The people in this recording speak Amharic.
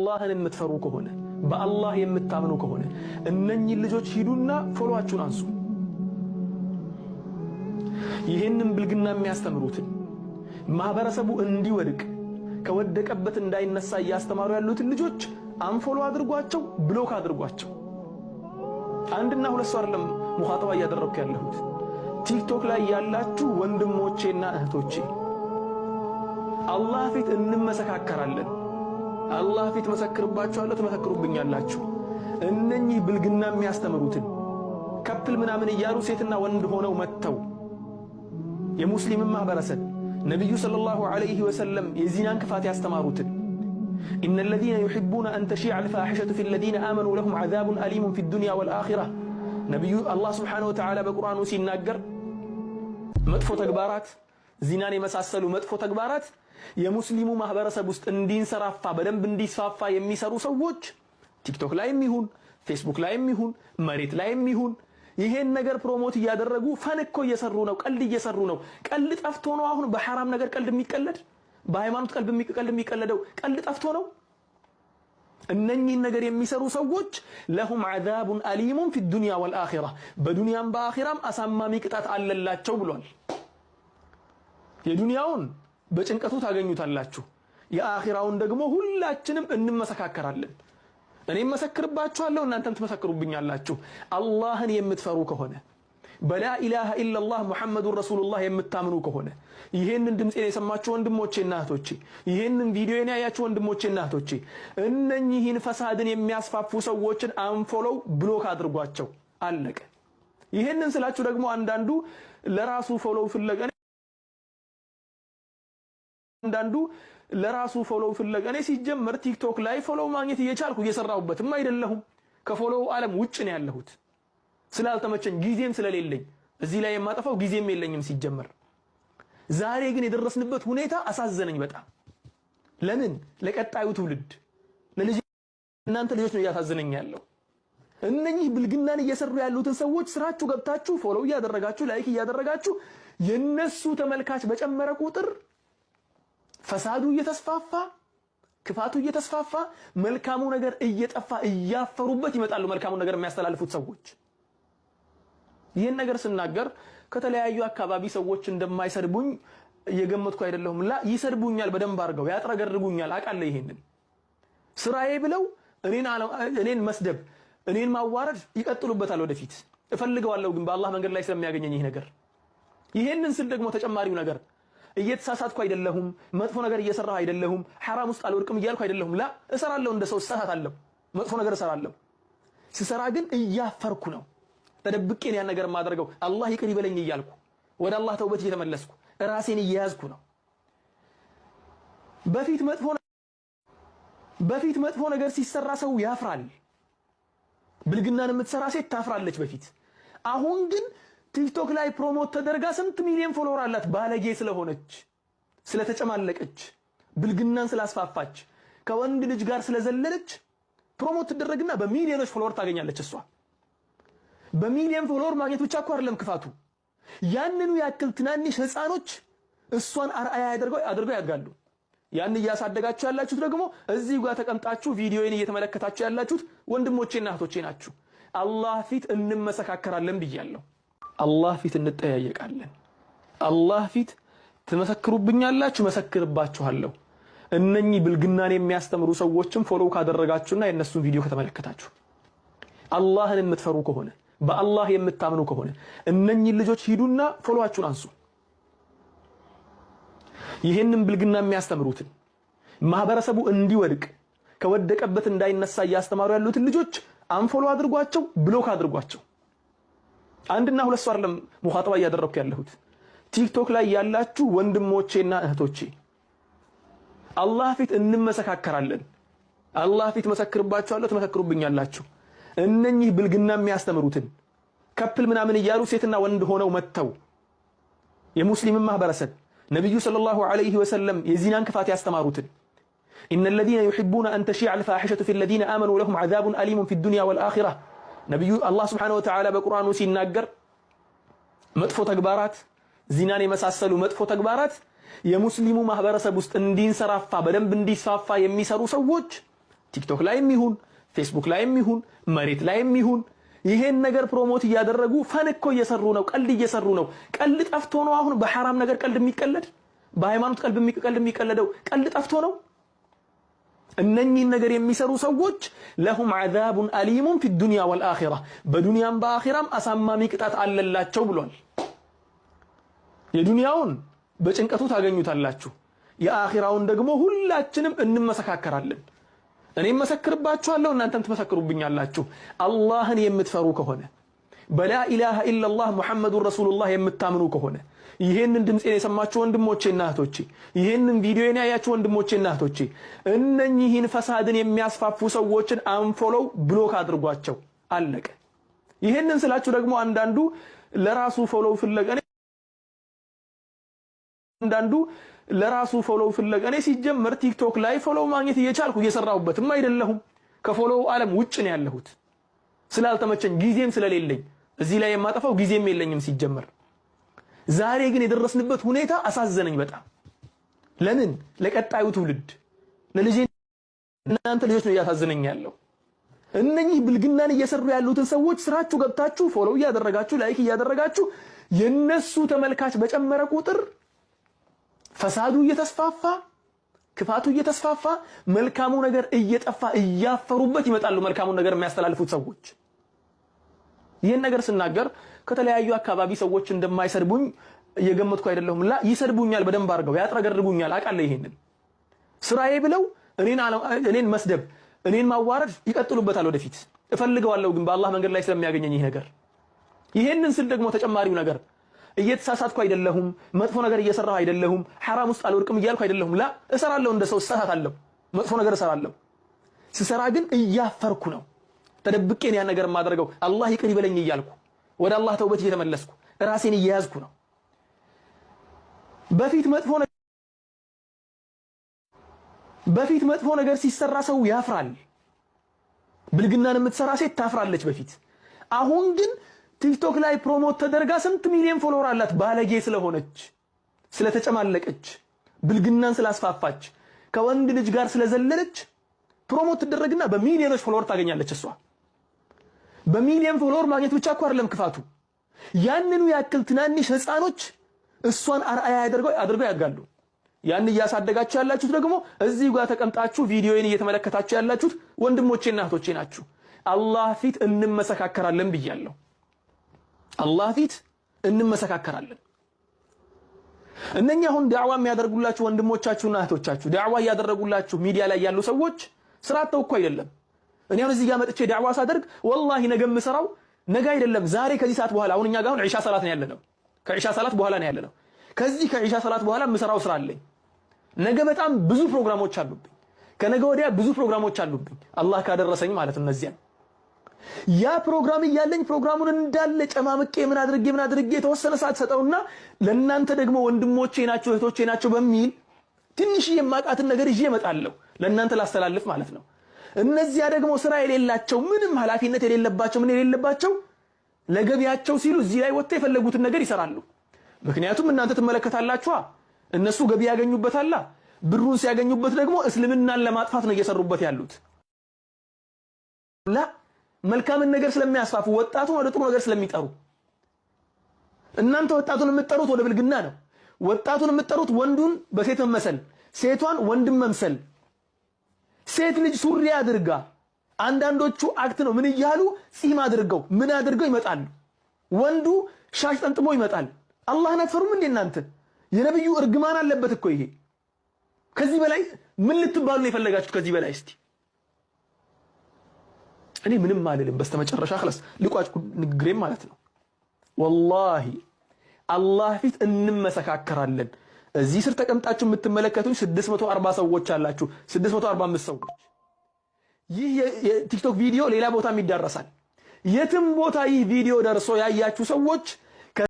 አላህን የምትፈሩ ከሆነ በአላህ የምታምኑ ከሆነ እነኚህ ልጆች ሂዱና ፎሎዋችሁን አንሱ። ይህንን ብልግና የሚያስተምሩትን ማህበረሰቡ እንዲወድቅ ከወደቀበት እንዳይነሳ እያስተማሩ ያሉትን ልጆች አንፎሎ አድርጓቸው፣ ብሎክ አድርጓቸው። አንድና ሁለት ሰው አይደለም ሙኻጠባ እያደረግኩ ያለሁት ቲክቶክ ላይ ያላችሁ ወንድሞቼና እህቶቼ አላህ ፊት እንመሰካከራለን። አላህ ፊት መሰክርባችኋለሁ፣ ትመሰክሩብኛላችሁ። እነኚህ ብልግና የሚያስተምሩትን ከፕል ምናምን እያሉ ሴትና ወንድ ሆነው መጥተው የሙስሊምን ማህበረሰብ ነቢዩ ሰለላሁ ዐለይሂ ወሰለም የዚናን ክፋት ያስተማሩትን ኢነ ለዚነ ዩሒቡነ አን ተሺዕ አልፋሒሸቱ ፊ ለዚነ አመኑ ለሁም ዐዛቡን አሊሙን ፊ ዱንያ ወልአኺራ ነቢዩ አላህ ስብሓነሁ ወተዓላ በቁርአኑ ሲናገር መጥፎ ተግባራት ዚናን የመሳሰሉ መጥፎ ተግባራት የሙስሊሙ ማህበረሰብ ውስጥ እንዲንሰራፋ በደንብ እንዲስፋፋ የሚሰሩ ሰዎች ቲክቶክ ላይም ይሁን ፌስቡክ ላይም ይሁን መሬት ላይም ይሁን ይሄን ነገር ፕሮሞት እያደረጉ ፈን እኮ እየሰሩ ነው። ቀልድ እየሰሩ ነው። ቀልድ ጠፍቶ ነው አሁን በሐራም ነገር ቀልድ የሚቀለድ በሃይማኖት ቀልድ የሚቀለደው ቀልድ ጠፍቶ ነው። እነኚህን ነገር የሚሰሩ ሰዎች ለሁም አዛቡን አሊሙን ፊ ዱንያ ወልአኺራ በዱንያም በአኺራም አሳማሚ ቅጣት አለላቸው ብሏል። የዱንያውን በጭንቀቱ ታገኙታላችሁ። የአኺራውን ደግሞ ሁላችንም እንመሰካከራለን። እኔ መሰክርባችኋለሁ፣ እናንተም ትመሰክሩብኛላችሁ። አላህን የምትፈሩ ከሆነ በላ ኢላሀ ኢላላህ ሙሐመዱን ረሱሉላህ የምታምኑ ከሆነ ይህንን ድምፄን የሰማችሁ ወንድሞቼና እህቶቼ፣ ይህንን ቪዲዮን ያያችሁ ወንድሞቼና እህቶቼ፣ እነኚህን ፈሳድን የሚያስፋፉ ሰዎችን አንፎሎው ብሎክ አድርጓቸው። አለቀ። ይህንን ስላችሁ ደግሞ አንዳንዱ ለራሱ ፎሎው ፍለገ አንዳንዱ ለራሱ ፎሎው ፍለጋ። እኔ ሲጀመር ቲክቶክ ላይ ፎሎው ማግኘት እየቻልኩ እየሰራሁበትም አይደለሁም። ከፎሎው ዓለም ውጭ ነው ያለሁት ስላልተመቸኝ፣ ጊዜም ስለሌለኝ እዚህ ላይ የማጠፋው ጊዜም የለኝም ሲጀመር። ዛሬ ግን የደረስንበት ሁኔታ አሳዘነኝ በጣም ለምን ለቀጣዩ ትውልድ ለልጅ እናንተ ልጆች ነው እያሳዘነኝ ያለው። እነኚህ ብልግናን እየሰሩ ያሉትን ሰዎች ስራችሁ ገብታችሁ ፎሎው እያደረጋችሁ ላይክ እያደረጋችሁ የነሱ ተመልካች በጨመረ ቁጥር ፈሳዱ እየተስፋፋ ክፋቱ እየተስፋፋ መልካሙ ነገር እየጠፋ እያፈሩበት ይመጣሉ። መልካሙ ነገር የሚያስተላልፉት ሰዎች ይህን ነገር ስናገር ከተለያዩ አካባቢ ሰዎች እንደማይሰድቡኝ እየገመትኩ አይደለሁም። ላ ይሰድቡኛል፣ በደንብ አድርገው ያጥረገርጉኛል። አውቃለሁ። ይሄንን ስራዬ ብለው እኔን መስደብ፣ እኔን ማዋረድ ይቀጥሉበታል። ወደፊት እፈልገዋለሁ፣ ግን በአላህ መንገድ ላይ ስለሚያገኘኝ ይሄ ነገር ይሄንን ስል ደግሞ ተጨማሪው ነገር እየተሳሳትኩ አይደለሁም፣ መጥፎ ነገር እየሰራሁ አይደለሁም፣ ሐራም ውስጥ አልወድቅም እያልኩ አይደለሁም። ላ እሰራለሁ፣ እንደ ሰው እሳሳታለሁ፣ መጥፎ ነገር እሰራለሁ። ስሰራ ግን እያፈርኩ ነው፣ ተደብቄን ያን ነገር የማደርገው አላህ ይቅር ይበለኝ እያልኩ ወደ አላህ ተውበት እየተመለስኩ ራሴን እየያዝኩ ነው። በፊት መጥፎ በፊት መጥፎ ነገር ሲሰራ ሰው ያፍራል። ብልግናን የምትሰራ ሴት ታፍራለች በፊት አሁን ግን ቲክቶክ ላይ ፕሮሞት ተደርጋ ስንት ሚሊዮን ፎሎወር አላት። ባለጌ ስለሆነች፣ ስለተጨማለቀች፣ ብልግናን ስላስፋፋች፣ ከወንድ ልጅ ጋር ስለዘለለች ፕሮሞት ትደረግና በሚሊዮኖች ፎሎወር ታገኛለች። እሷ በሚሊዮን ፎሎወር ማግኘት ብቻ እኮ አይደለም ክፋቱ። ያንኑ ያክል ትናንሽ ህፃኖች እሷን አርአያ ያደርገው አድርገው ያድጋሉ። ያን እያሳደጋችሁ ያላችሁት ደግሞ እዚህ ጋር ተቀምጣችሁ ቪዲዮዬን እየተመለከታችሁ ያላችሁት ወንድሞቼና እህቶቼ ናችሁ። አላህ ፊት እንመሰካከራለን ብያለሁ። አላህ ፊት እንጠያየቃለን። አላህ ፊት ትመሰክሩብኛላችሁ፣ መሰክርባችኋለሁ። እነኚህ ብልግናን የሚያስተምሩ ሰዎችም ፎሎ ካደረጋችሁና የእነሱን ቪዲዮ ከተመለከታችሁ አላህን የምትፈሩ ከሆነ በአላህ የምታምኑ ከሆነ እነኚህ ልጆች ሂዱና ፎሎዋችሁን አንሱ። ይህንን ብልግና የሚያስተምሩትን ማህበረሰቡ እንዲወድቅ ከወደቀበት እንዳይነሳ እያስተማሩ ያሉትን ልጆች አንፎሎ አድርጓቸው፣ ብሎክ አድርጓቸው። አንድና ሁለት ሰው አይደለም ሙኻጠባ እያደረግኩ ያለሁት ቲክቶክ ላይ ያላችሁ ወንድሞቼና እህቶቼ አላህ ፊት እንመሰካከራለን። አላህ ፊት መሰክርባችኋለሁ፣ ትመሰክሩብኛላችሁ። እነኚህ ብልግና የሚያስተምሩትን ከፕል ምናምን እያሉ ሴትና ወንድ ሆነው መጥተው የሙስሊምን ማህበረሰብ ነቢዩ ሰለላሁ ዐለይሂ ወሰለም የዚናን ክፋት ያስተማሩትን ኢነ ለዚነ ዩሒቡነ አን ተሺዕ አልፋሒሸቱ ፊ ለዚነ አመኑ ለሁም ዐዛቡን አሊሙን ፊ ዱንያ ወልአኺራ ነቢዩ አላህ ስብሐነሁ ወተዓላ በቁርአኑ ሲናገር መጥፎ ተግባራት ዚናን የመሳሰሉ መጥፎ ተግባራት የሙስሊሙ ማህበረሰብ ውስጥ እንዲንሰራፋ በደንብ እንዲስፋፋ የሚሰሩ ሰዎች ቲክቶክ ላይም ይሁን ፌስቡክ ላይም ይሁን መሬት ላይም ይሁን ይሄን ነገር ፕሮሞት እያደረጉ ፈን እኮ እየሰሩ ነው። ቀልድ እየሰሩ ነው። ቀልድ ጠፍቶ ነው አሁን በሐራም ነገር ቀልድ የሚቀለድ በሃይማኖት ቀልድ የሚቀለደው ቀልድ ጠፍቶ ነው። እነኚህን ነገር የሚሰሩ ሰዎች ለሁም ዓዛቡን አሊሙን ፊ ዱንያ ወልአኺራ በዱንያም በአኺራም አሳማሚ ቅጣት አለላቸው ብሏል። የዱንያውን በጭንቀቱ ታገኙታላችሁ፣ የአኺራውን ደግሞ ሁላችንም እንመሰካከራለን። እኔም መሰክርባችኋለሁ፣ እናንተም ትመሰክሩብኛላችሁ። አላህን የምትፈሩ ከሆነ በላ ኢላሃ ኢለላህ ሙሐመዱን ረሱሉላህ የምታምኑ ከሆነ ይህንን ድምፄን የሰማችሁ ወንድሞቼና እህቶቼ፣ ይህንን ቪዲዮን ያያችሁ ወንድሞቼና እህቶቼ፣ እነኚህን ፈሳድን የሚያስፋፉ ሰዎችን አንፎሎው ብሎክ አድርጓቸው። አለቀ። ይህንን ስላችሁ ደግሞ አንዳንዱ ለራሱ ፎሎው ፍለገኔ አንዳንዱ ለራሱ ፎሎው ፍለጋ እኔ ሲጀመር ቲክቶክ ላይ ፎሎው ማግኘት እየቻልኩ እየሰራሁበትም አይደለሁም። ከፎሎው ዓለም ውጭ ነው ያለሁት ስላልተመቸኝ ጊዜም ስለሌለኝ እዚህ ላይ የማጠፋው ጊዜም የለኝም ሲጀመር። ዛሬ ግን የደረስንበት ሁኔታ አሳዘነኝ በጣም። ለምን ለቀጣዩ ትውልድ ለልጄ እናንተ ልጆች ነው እያሳዘነኝ ያለው። እነኚህ ብልግናን እየሰሩ ያሉትን ሰዎች ስራችሁ ገብታችሁ ፎሎው እያደረጋችሁ ላይክ እያደረጋችሁ የነሱ ተመልካች በጨመረ ቁጥር ፈሳዱ እየተስፋፋ ክፋቱ እየተስፋፋ መልካሙ ነገር እየጠፋ እያፈሩበት ይመጣሉ። መልካሙ ነገር የሚያስተላልፉት ሰዎች ይህን ነገር ስናገር ከተለያዩ አካባቢ ሰዎች እንደማይሰድቡኝ እየገመትኩ አይደለሁም። ላ ይሰድቡኛል፣ በደንብ አድርገው ያጥረገድጉኛል። አውቃለሁ። ይሄንን ስራዬ ብለው እኔን መስደብ፣ እኔን ማዋረድ ይቀጥሉበታል። ወደፊት እፈልገዋለሁ፣ ግን በአላህ መንገድ ላይ ስለሚያገኘኝ ይህ ነገር። ይሄንን ስል ደግሞ ተጨማሪው ነገር እየተሳሳትኩ አይደለሁም፣ መጥፎ ነገር እየሰራሁ አይደለሁም፣ ሐራም ውስጥ አልወድቅም እያልኩ አይደለሁም። ላ እሰራለሁ፣ እንደ ሰው እሳሳታለሁ፣ መጥፎ ነገር እሰራለሁ። ስሰራ ግን እያፈርኩ ነው። ተደብቄን ያ ነገር የማደርገው አላህ ይቅር ይበለኝ እያልኩ ወደ አላህ ተውበት እየተመለስኩ ራሴን እየያዝኩ ነው። በፊት መጥፎ ነገር በፊት መጥፎ ነገር ሲሰራ ሰው ያፍራል። ብልግናን የምትሰራ ሴት ታፍራለች በፊት። አሁን ግን ቲክቶክ ላይ ፕሮሞት ተደርጋ ስንት ሚሊዮን ፎሎወር አላት። ባለጌ ስለሆነች፣ ስለተጨማለቀች፣ ብልግናን ስላስፋፋች፣ ከወንድ ልጅ ጋር ስለዘለለች ፕሮሞት ትደረግና በሚሊዮኖች ፎሎወር ታገኛለች እሷ። በሚሊየን ፎሎወር ማግኘት ብቻ እኮ አይደለም ክፋቱ። ያንኑ ያክል ትናንሽ ህፃኖች እሷን አርአያ አድርገው አድርገው ያድጋሉ። ያን እያሳደጋችሁ ያላችሁት ደግሞ እዚህ ጋር ተቀምጣችሁ ቪዲዮዬን እየተመለከታችሁ ያላችሁት ወንድሞቼና እህቶቼ ናችሁ። አላህ ፊት እንመሰካከራለን ብያለሁ። አላህ ፊት እንመሰካከራለን። እነኛ አሁን ዳዕዋ የሚያደርጉላችሁ ወንድሞቻችሁና እህቶቻችሁ ዳዕዋ እያደረጉላችሁ ሚዲያ ላይ ያሉ ሰዎች ስራ አጥተው እኮ አይደለም እኔ አሁን እዚህ ጋር መጥቼ ዳዕዋ ሳደርግ ወላሂ ነገ የምሰራው ነገ አይደለም ዛሬ ከዚህ ሰዓት በኋላ አሁን እኛ ጋር አሁን ዒሻ ሰላት ነው ያለነው። ከዒሻ ሰላት በኋላ ነው ያለነው። ከዚህ ከዒሻ ሰላት በኋላ የምሰራው ስራ አለኝ። ነገ በጣም ብዙ ፕሮግራሞች አሉብኝ። ከነገ ወዲያ ብዙ ፕሮግራሞች አሉብኝ። አላህ ካደረሰኝ ማለት እነዚያን ያ ፕሮግራም እያለኝ ፕሮግራሙን እንዳለ ጨማምቄ ምን አድርጌ ምን አድርጌ የተወሰነ ሰዓት ሰጠውና ለእናንተ ደግሞ ወንድሞቼ ናቸው እህቶቼ ናቸው በሚል ትንሽ የማቃትን ነገር ይዤ እመጣለሁ ለእናንተ ላስተላልፍ ማለት ነው። እነዚያ ደግሞ ስራ የሌላቸው ምንም ኃላፊነት የሌለባቸው ምን የሌለባቸው ለገቢያቸው ሲሉ እዚህ ላይ ወጥተው የፈለጉትን ነገር ይሰራሉ። ምክንያቱም እናንተ ትመለከታላችኋ፣ እነሱ ገቢ ያገኙበታላ። ብሩን ሲያገኙበት ደግሞ እስልምናን ለማጥፋት ነው እየሰሩበት ያሉት። ላ መልካምን ነገር ስለሚያስፋፉ ወጣቱን ወደ ጥሩ ነገር ስለሚጠሩ እናንተ ወጣቱን የምትጠሩት ወደ ብልግና ነው። ወጣቱን የምትጠሩት ወንዱን በሴት መመሰል፣ ሴቷን ወንድም መምሰል ሴት ልጅ ሱሪ አድርጋ አንዳንዶቹ አክት ነው ምን እያሉ ጺም አድርገው ምን አድርገው ይመጣሉ። ወንዱ ሻሽ ጠምጥሞ ይመጣል። አላህን አትፈሩም እንዴ እናንተ? የነብዩ እርግማን አለበት እኮ ይሄ። ከዚህ በላይ ምን ልትባሉ ነው የፈለጋችሁት? ከዚህ በላይ እስቲ እኔ ምንም አልልም። በስተመጨረሻ خلاص ልቋጭ ንግግሬም ማለት ነው። ወላሂ አላህ ፊት እንመሰካከራለን። እዚህ ስር ተቀምጣችሁ የምትመለከቱኝ 640 ሰዎች አላችሁ፣ 645 ሰዎች። ይህ የቲክቶክ ቪዲዮ ሌላ ቦታም ይዳረሳል። የትም ቦታ ይህ ቪዲዮ ደርሶ ያያችሁ ሰዎች